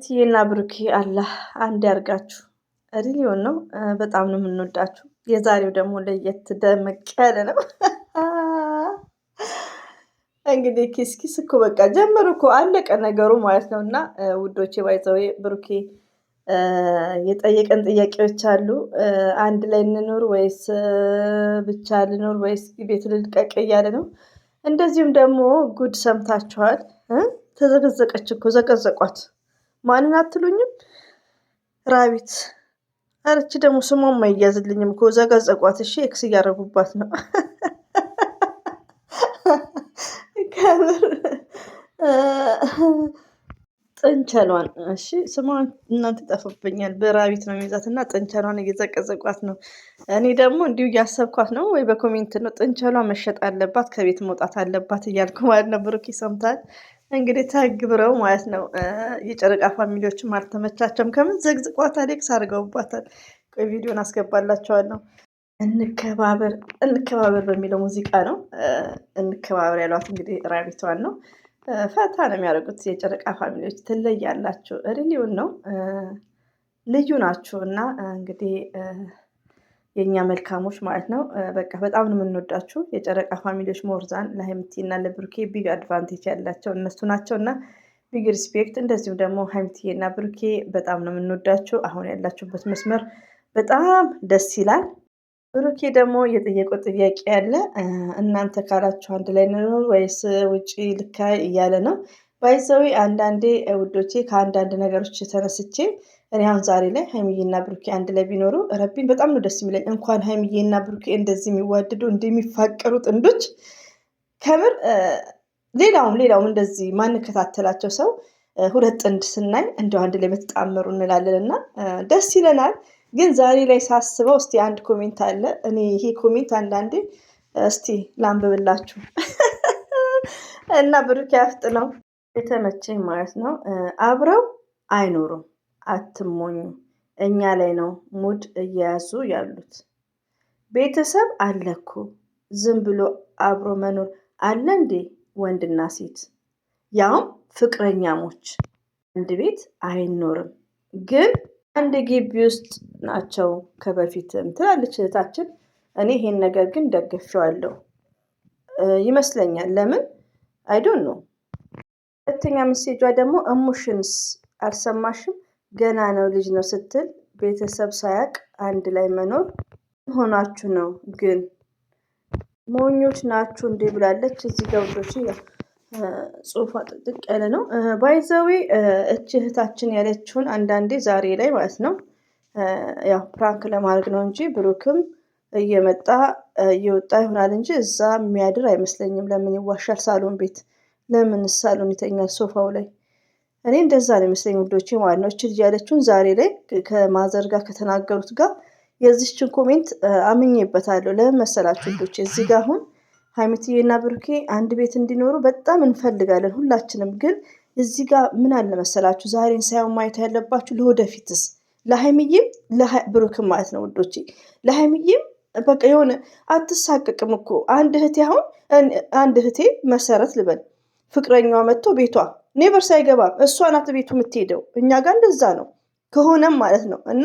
እትዬና ብሩኬ አላህ አንድ ያርጋችሁ። ሪሊዮን ነው። በጣም ነው የምንወዳችሁ። የዛሬው ደግሞ ለየት ደመቅ ያለ ነው። እንግዲህ ኪስ ኪስ እኮ በቃ ጀመሩ እኮ አለቀ ነገሩ ማለት ነው። እና ውዶቼ ባይዘዌ ብሩኬ የጠየቀን ጥያቄዎች አሉ። አንድ ላይ እንኖር ወይስ ብቻ ልኖር ወይስ ቤት ልልቀቅ እያለ ነው። እንደዚሁም ደግሞ ጉድ ሰምታችኋል። ተዘቀዘቀች እኮ ዘቀዘቋት። ማንን አትሉኝም? ራቢት አርቺ ደግሞ ስሟም አይያዝልኝም እኮ እዛ ጋር ጸቋት። እሺ ኤክስ እያደረጉባት ነው። ከምር ጥንቸሏን እሺ፣ ስሟን እናንተ ጠፍብኛል። በራቢት ነው የሚይዛት እና ጥንቸሏን እየዘቀዘቋት ነው። እኔ ደግሞ እንዲሁ እያሰብኳት ነው፣ ወይ በኮሜንት ነው ጥንቸሏ መሸጥ አለባት፣ ከቤት መውጣት አለባት እያልኩ ማለት ነው። ብሩክ ይሰምታል። እንግዲህ ተግብረው ማለት ነው። የጨረቃ ፋሚሊዎችም አልተመቻቸውም። ከምን ዘግዝቋት አሌክስ አድርገውባታል። ቆይ ቪዲዮን አስገባላቸዋለሁ። እንከባበር እንከባበር በሚለው ሙዚቃ ነው እንከባበር ያሏት እንግዲህ ራቢቷን ነው። ፈታ ነው የሚያደርጉት የጨረቃ ፋሚሊዎች። ትለያላችሁ ሪሊውን ነው ልዩ ናችሁ እና እንግዲህ የእኛ መልካሞች ማለት ነው። በቃ በጣም ነው የምንወዳችሁ የጨረቃ ፋሚሊዎች ሞርዛን ለሀይምቲ እና ለብሩኬ ቢግ አድቫንቴጅ ያላቸው እነሱ ናቸው እና ቢግ ሪስፔክት። እንደዚሁም ደግሞ ሀይምቲ እና ብሩኬ በጣም ነው የምንወዳችሁ። አሁን ያላችሁበት መስመር በጣም ደስ ይላል። ብሩኬ ደግሞ የጠየቀው ጥያቄ ያለ እናንተ ካላችሁ አንድ ላይ ነው ወይስ ውጪ ልካ እያለ ነው ባይዘዊ አንዳንዴ ውዶቼ ከአንዳንድ ነገሮች ተነስቼ እኔ አሁን ዛሬ ላይ ሀይሚዬና ብሩኬ አንድ ላይ ቢኖሩ ረቢን በጣም ነው ደስ የሚለኝ። እንኳን ሀይሚዬና ብሩኬ እንደዚህ የሚዋደዱ እንደሚፋቀሩ ጥንዶች ከምር ሌላውም ሌላውም እንደዚህ ማንከታተላቸው ሰው ሁለት ጥንድ ስናይ እንደው አንድ ላይ በተጣመሩ እንላለን እና ደስ ይለናል። ግን ዛሬ ላይ ሳስበው እስቲ አንድ ኮሜንት አለ። እኔ ይሄ ኮሜንት አንዳንዴ እስቲ ላንብብላችሁ እና ብሩኬ አፍጥ ነው የተመቸኝ ማለት ነው አብረው አይኖሩም አትሞኙ፣ እኛ ላይ ነው ሙድ እየያዙ ያሉት። ቤተሰብ አለኩ ዝም ብሎ አብሮ መኖር አለ እንዴ? ወንድና ሴት ያውም ፍቅረኛሞች አንድ ቤት አይኖርም። ግን አንድ ግቢ ውስጥ ናቸው ከበፊትም ትላለች እህታችን። እኔ ይሄን ነገር ግን ደግፌዋለሁ ይመስለኛል። ለምን አይዶን ነው። ሁለተኛ ምሴጇ ደግሞ እሙሽንስ አልሰማሽም ገና ነው ልጅ ነው ስትል ቤተሰብ ሳያቅ አንድ ላይ መኖር ሆናችሁ ነው ግን ሞኞች ናችሁ እንዴ ብላለች። እዚህ ገብዶች ጽሁፍ ጥቅጥቅ ያለ ነው። ባይዘዌ እች እህታችን ያለችውን አንዳንዴ ዛሬ ላይ ማለት ነው ያው ፕራንክ ለማድረግ ነው እንጂ ብሩክም እየመጣ እየወጣ ይሆናል እንጂ እዛ የሚያድር አይመስለኝም። ለምን ይዋሻል? ሳሎን ቤት ለምን ሳሎን ይተኛል ሶፋው ላይ እኔ እንደዛ ነው የሚመስለኝ ውዶቼ ማለት ነው። እች ልጅ ያለችውን ዛሬ ላይ ከማዘር ጋር ከተናገሩት ጋር የዚችን ኮሜንት አምኜበታለሁ። ለምን መሰላችሁ ውዶቼ? እዚህ ጋር አሁን ሀይሚትዬ እና ብሩኬ አንድ ቤት እንዲኖሩ በጣም እንፈልጋለን ሁላችንም። ግን እዚህ ጋር ምን አለ መሰላችሁ? ዛሬን ሳይሆን ማየት ያለባችሁ ለወደፊትስ፣ ለሀይሚዬም ብሩክም ማለት ነው ውዶቼ። ለሀይሚዬም በቃ የሆነ አትሳቅቅም እኮ አንድ እህቴ አሁን አንድ እህቴ መሰረት ልበል ፍቅረኛዋ መጥቶ ቤቷ ኔቨርስ አይገባም። እሷ ናት ቤቱ የምትሄደው። እኛ ጋር እንደዛ ነው ከሆነም ማለት ነው። እና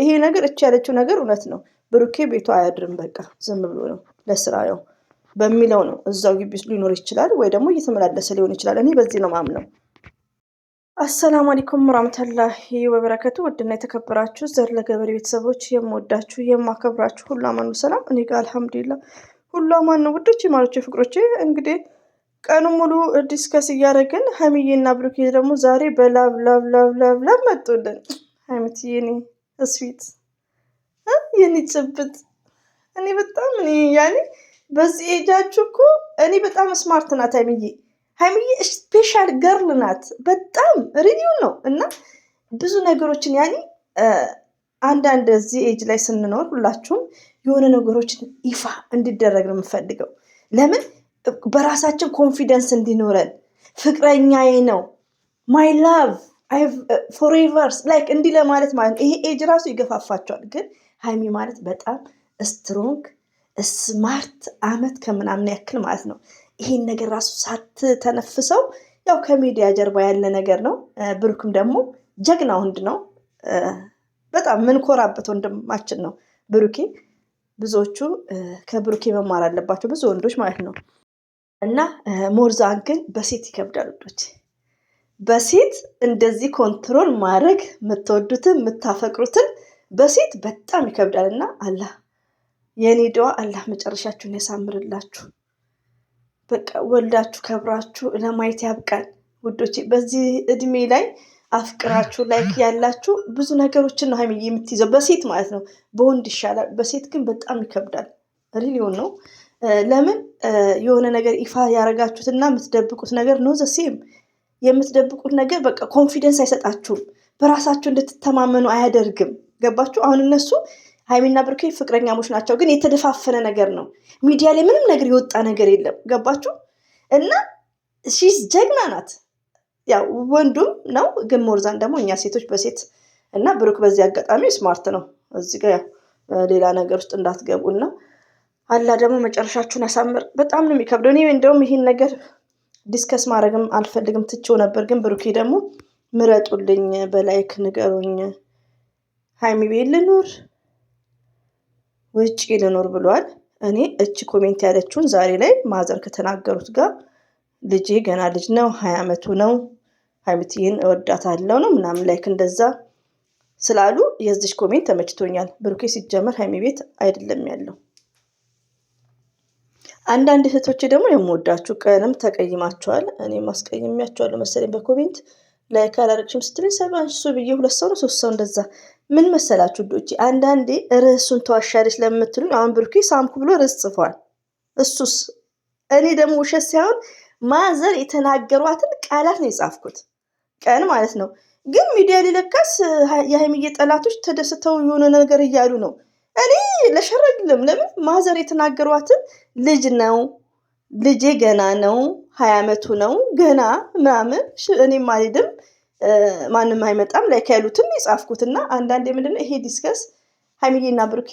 ይሄ ነገር እች ያለችው ነገር እውነት ነው። ብሩኬ ቤቱ አያድርም፣ በቃ ዝም ብሎ ነው ለስራ ያው በሚለው ነው እዛው ግቢ ሊኖር ይችላል፣ ወይ ደግሞ እየተመላለሰ ሊሆን ይችላል። እኔ በዚህ ነው ማምነው። አሰላሙ አለይኩም ወራህመቱላሂ ወበረከቱ። ውድና የተከበራችሁ ዘር ለገበሬ ቤተሰቦች የምወዳችሁ የማከብራችሁ ሁሉ አማኑ ሰላም። እኔ ጋር አልሐምዱሊላህ ሁሉ አማን ነው። ውዶች የማሮቼ ፍቅሮቼ እንግዲህ ቀኑ ሙሉ ዲስከስ እያደረግን ሀይሚዬና ብሩኬ ደግሞ ዛሬ በላብ ላብ ላብ ላብ ላብ መጡልን። ሀይሚት የኔ እስዊት የኔ ጭብጥ እኔ በጣም እኔ ያኔ በዚህ ኤጃችሁ እኮ እኔ በጣም ስማርት ናት ሀይሚዬ። ሀይሚዬ ስፔሻል ገርል ናት በጣም ሪዲው ነው እና ብዙ ነገሮችን ያኔ አንዳንድ እዚህ ኤጅ ላይ ስንኖር ሁላችሁም የሆነ ነገሮችን ይፋ እንዲደረግ ነው የምፈልገው ለምን በራሳችን ኮንፊደንስ እንዲኖረን ፍቅረኛዬ ነው ማይ ላቭ ፎሬቨርስ ላይክ እንዲህ ለማለት ማለት ነው። ይሄ ኤጅ ራሱ ይገፋፋቸዋል። ግን ሀይሚ ማለት በጣም ስትሮንግ ስማርት አመት ከምናምን ያክል ማለት ነው። ይሄን ነገር ራሱ ሳትተነፍሰው ያው ከሚዲያ ጀርባ ያለ ነገር ነው። ብሩክም ደግሞ ጀግና ወንድ ነው። በጣም ምንኮራበት ወንድማችን ነው ብሩኬ። ብዙዎቹ ከብሩኬ መማር አለባቸው ብዙ ወንዶች ማለት ነው። እና ሞርዛን ግን በሴት ይከብዳል ውዶች። በሴት እንደዚህ ኮንትሮል ማድረግ የምትወዱትን የምታፈቅሩትን በሴት በጣም ይከብዳል እና አላህ የእኔ አላህ መጨረሻችሁን ያሳምርላችሁ። በቃ ወልዳችሁ ከብራችሁ ለማየት ያብቃል ውዶች። በዚህ እድሜ ላይ አፍቅራችሁ ላይክ ያላችሁ ብዙ ነገሮችን ነው ሀይሚ የምትይዘው በሴት ማለት ነው። በወንድ ይሻላል፣ በሴት ግን በጣም ይከብዳል። ሪሊዮን ነው ለምን የሆነ ነገር ይፋ ያደረጋችሁትና የምትደብቁት ነገር ነው ዘሴም የምትደብቁት ነገር በቃ ኮንፊደንስ አይሰጣችሁም። በራሳችሁ እንድትተማመኑ አያደርግም። ገባችሁ? አሁን እነሱ ሀይሚና ብሩኬ ፍቅረኛሞች ናቸው፣ ግን የተደፋፈነ ነገር ነው። ሚዲያ ላይ ምንም ነገር የወጣ ነገር የለም። ገባችሁ? እና ሺስ ጀግና ናት። ያው ወንዱም ነው፣ ግን ሞርዛን ደግሞ እኛ ሴቶች በሴት እና ብሩክ በዚህ አጋጣሚ ስማርት ነው። እዚህ ጋ ሌላ ነገር ውስጥ እንዳትገቡ እና አላ ደግሞ መጨረሻችሁን ያሳምር። በጣም ነው የሚከብደው። እኔ እንደውም ይህን ነገር ዲስከስ ማድረግም አልፈልግም ትቼው ነበር፣ ግን ብሩኬ ደግሞ ምረጡልኝ፣ በላይክ ንገሩኝ፣ ሀይሚ ቤት ልኖር ውጪ ልኖር ብሏል። እኔ እች ኮሜንት ያለችውን ዛሬ ላይ ማዘር ከተናገሩት ጋር ልጄ ገና ልጅ ነው፣ ሀያ ዓመቱ ነው፣ ሀይሚትዬን እወዳታለሁ ነው ምናምን ላይክ እንደዛ ስላሉ የዚች ኮሜንት ተመችቶኛል። ብሩኬ ሲጀመር ሀይሚ ቤት አይደለም ያለው አንዳንድ እህቶቼ ደግሞ የምወዳችሁ ቀለም ተቀይማችኋል እኔም አስቀይሜያችኋለሁ መሰለኝ በኮሜንት ላይክ አላረግሽም ስትለኝ ሰባ እሱ ብዬ ሁለት ሰው ነው ሶስት ሰው እንደዛ ምን መሰላችሁ ዶቼ አንዳንዴ ርዕሱን ተዋሻለች ለምትሉኝ አሁን ብሩኬ ሳምኩ ብሎ ርዕስ ጽፏል እሱስ እኔ ደግሞ ውሸት ሳይሆን ማዘር የተናገሯትን ቃላት ነው የጻፍኩት ቀን ማለት ነው ግን ሚዲያ ሊለካስ የሀይሚዬ ጠላቶች ተደስተው የሆነ ነገር እያሉ ነው እኔ ለሸር አይደለም። ለምን ማዘር የተናገሯትን ልጅ ነው ልጄ ገና ነው ሀያ ዓመቱ ነው ገና ምናምን እኔም አልሄድም ማንም አይመጣም ላይ ያሉትን የጻፍኩት እና አንዳንዴ ምንድነው ይሄ ዲስከስ ሀይሚዬና ብሩኬ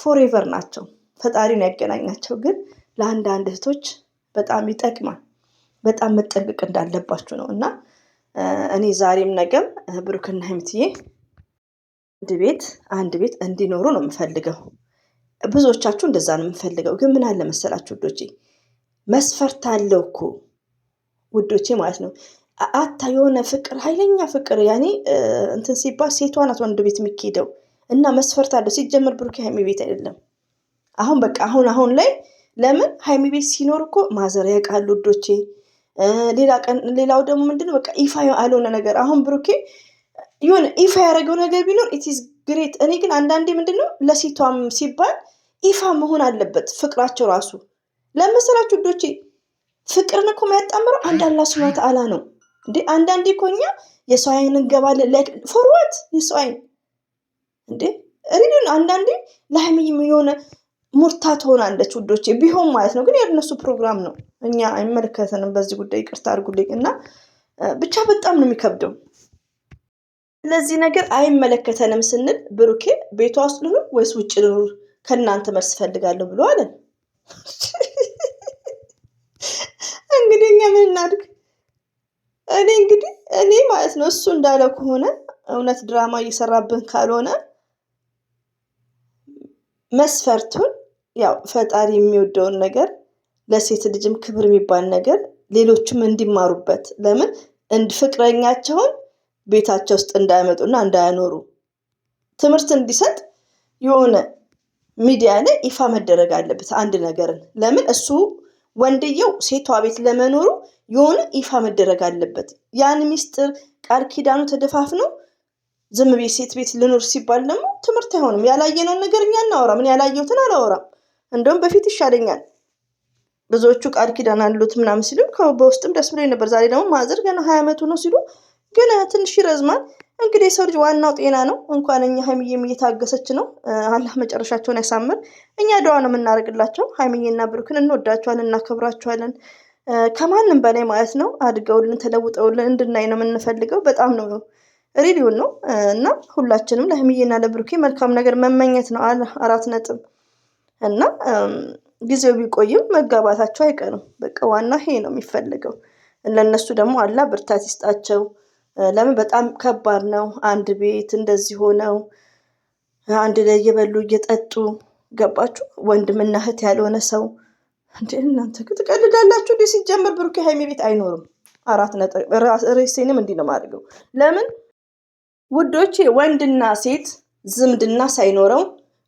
ፎሬቨር ናቸው። ፈጣሪ ነው ያገናኛቸው። ግን ለአንዳንድ እህቶች በጣም ይጠቅማል። በጣም መጠንቀቅ እንዳለባችሁ ነው እና እኔ ዛሬም ነገም ብሩክና ሀይምትዬ አንድ ቤት አንድ ቤት እንዲኖሩ ነው የምፈልገው። ብዙዎቻችሁ እንደዛ ነው የምፈልገው ግን ምን አለ መሰላችሁ ውዶቼ መስፈርት አለው እኮ ውዶቼ ማለት ነው። አታ የሆነ ፍቅር ኃይለኛ ፍቅር ያኔ እንትን ሲባል ሴቷ ናት ወንድ ቤት የሚኬደው እና መስፈርት አለው። ሲጀመር ብሩኬ ሀይሚ ቤት አይደለም። አሁን በቃ አሁን አሁን ላይ ለምን ሀይሚ ቤት ሲኖር እኮ ማዘር ያውቃሉ ውዶቼ። ሌላ ቀን ሌላው ደግሞ ምንድነው በቃ ይፋ አልሆነ ነገር አሁን ብሩኬ የሆነ ኢፋ ያደረገው ነገር ቢኖር ኢትስ ግሬት። እኔ ግን አንዳንዴ ምንድን ነው ለሴቷም ሲባል ኢፋ መሆን አለበት ፍቅራቸው ራሱ ለመሰላችሁ ዶቼ ፍቅርን እኮ የሚያጣምረው አንድ አላህ ሱብሃነሁ ተዓላ ነው እንዴ። አንዳንዴ እኮ እኛ የሰው አይን እንገባለን። ላይክ ፎርዋት የሰው አይን እንዴ ሪሊን አንዳንዴ ለሀይሚም የሆነ ሙርታ ትሆናለች ውዶቼ፣ ቢሆን ማለት ነው። ግን የእነሱ ፕሮግራም ነው፣ እኛ አይመለከተንም። በዚህ ጉዳይ ይቅርታ አድርጉልኝ እና ብቻ በጣም ነው የሚከብደው። ስለዚህ ነገር አይመለከተንም ስንል ብሩኬ ቤቷ ውስጥ ልኑር ወይስ ውጭ ልኑር ከእናንተ መልስ እፈልጋለሁ ብሎ አለን። እንግዲህ እኛ ምን እናድርግ? እኔ እንግዲህ እኔ ማለት ነው እሱ እንዳለው ከሆነ እውነት ድራማ እየሰራብን ካልሆነ መስፈርቱን ያው ፈጣሪ የሚወደውን ነገር ለሴት ልጅም ክብር የሚባል ነገር ሌሎቹም እንዲማሩበት ለምን እንድ ፍቅረኛቸውን ቤታቸው ውስጥ እንዳያመጡና እንዳያኖሩ ትምህርት እንዲሰጥ የሆነ ሚዲያ ላይ ይፋ መደረግ አለበት አንድ ነገርን። ለምን እሱ ወንድየው ሴቷ ቤት ለመኖሩ የሆነ ይፋ መደረግ አለበት። ያን ሚስጥር ቃል ኪዳኑ ተደፋፍነው ዝም ቤት ሴት ቤት ልኖር ሲባል ደግሞ ትምህርት አይሆንም። ያላየነውን ነገር እኛ እናወራ ምን ያላየሁትን አላወራም። እንደውም በፊት ይሻለኛል። ብዙዎቹ ቃል ኪዳን አሉት ምናምን ሲሉ በውስጥም ደስ ብሎ ነበር። ዛሬ ደግሞ ማዘር ገና ሀያ ዓመቱ ነው ሲሉ ግን ትንሽ ይረዝማል። እንግዲህ የሰው ልጅ ዋናው ጤና ነው። እንኳን እኛ ሀይሚዬም እየታገሰች ነው። አላህ መጨረሻቸውን ያሳምር። እኛ ደዋ ነው የምናደርግላቸው። ሀይሚዬና ብሩክን እንወዳቸዋለን፣ እናከብራቸዋለን ከማንም በላይ ማለት ነው። አድገውልን ተለውጠውልን እንድናይ ነው የምንፈልገው። በጣም ነው ሬዲዮን ነው እና ሁላችንም ለሀይሚዬና ለብሩኬ መልካም ነገር መመኘት ነው። አራት ነጥብ እና ጊዜው ቢቆይም መጋባታቸው አይቀርም። በቃ ዋና ይሄ ነው የሚፈልገው። ለእነሱ ደግሞ አላህ ብርታት ይስጣቸው። ለምን በጣም ከባድ ነው። አንድ ቤት እንደዚህ ሆነው አንድ ላይ እየበሉ እየጠጡ ገባችሁ። ወንድምና እህት ያልሆነ ሰው እንዴ እናንተ ትቀልዳላችሁ። እንዲ ሲጀምር ብሩክ ሀይሜ ቤት አይኖርም። አራት ነጥብ። ሬሴንም እንዲህ ነው የማደርገው። ለምን ውዶቼ፣ ወንድና ሴት ዝምድና ሳይኖረው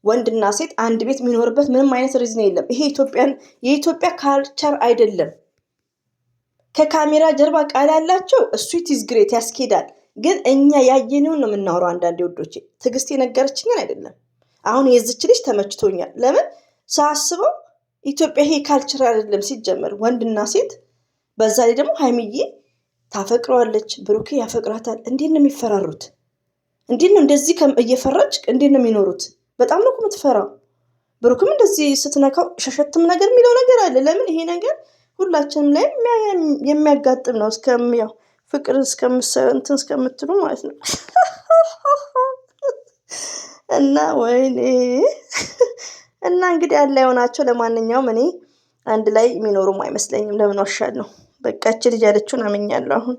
ወንድና ሴት አንድ ቤት የሚኖርበት ምንም አይነት ሪዝን የለም። ይሄ ኢትዮጵያን የኢትዮጵያ ካልቸር አይደለም። ከካሜራ ጀርባ ቃል ያላቸው እሱ ኢትዝ ግሬት ያስኬዳል። ግን እኛ ያየነውን ነው የምናወራው። አንዳንዴ ወዶች ትዕግስት የነገረችኝን አይደለም። አሁን የዝች ልጅ ተመችቶኛል። ለምን ሳስበው ኢትዮጵያ ይሄ ካልቸር አይደለም ሲጀመር፣ ወንድና ሴት። በዛ ላይ ደግሞ ሀይምዬ ታፈቅረዋለች፣ ብሩኬ ያፈቅራታል። እንዴት ነው የሚፈራሩት? እንዴት ነው እንደዚህ እየፈራች እንዴት ነው የሚኖሩት? በጣም ነው የምትፈራው። ብሩክም እንደዚህ ስትነካው ሸሸትም ነገር የሚለው ነገር አለ። ለምን ይሄ ነገር ሁላችንም ላይ የሚያጋጥም ነው። እስከም ያው ፍቅር እስከምሰንትን እስከምትሉ ማለት ነው እና ወይኔ እና እንግዲህ ያለ የሆናቸው ለማንኛውም እኔ አንድ ላይ የሚኖሩም አይመስለኝም። ለምን ወሻለሁ? በቃ እቺ ልጅ ያለችውን አምኛለሁ። አሁን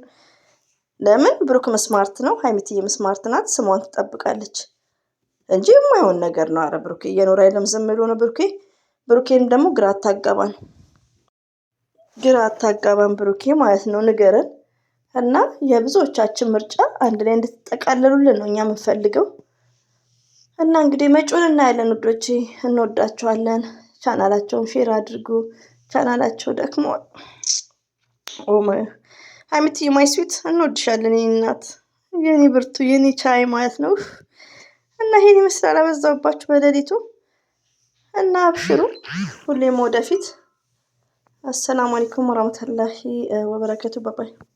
ለምን ብሩክ ምስማርት ነው፣ ሀይሚትዬ መስማርት ናት፣ ስሟን ትጠብቃለች እንጂ የማይሆን ነገር ነው። አረ ብሩኬ እየኖር አይለም ዝም ብሎ ነው ብሩኬ። ብሩኬንም ደግሞ ግራ አታጋባን። ግራ አታጋባን ብሩኬ ማለት ነው። ንገረን እና የብዙዎቻችን ምርጫ አንድ ላይ እንድትጠቃለሉልን ነው እኛ የምንፈልገው። እና እንግዲህ መጪውን እናያለን። ውዶች እንወዳችኋለን። ቻናላቸውን ሼር አድርጉ። ቻናላቸው ደግሞ oh ሀይሚት ማይ ስዊት እንወድሻለን። የኔ እናት፣ የኔ ብርቱ፣ የኔ ቻይ ማለት ነው። እና ይሄን ይመስላል። አበዛውባችሁ በሌሊቱ እና አብሽሩ ሁሌም ወደፊት السلام عليكم ورحمة الله وبركاته باي باي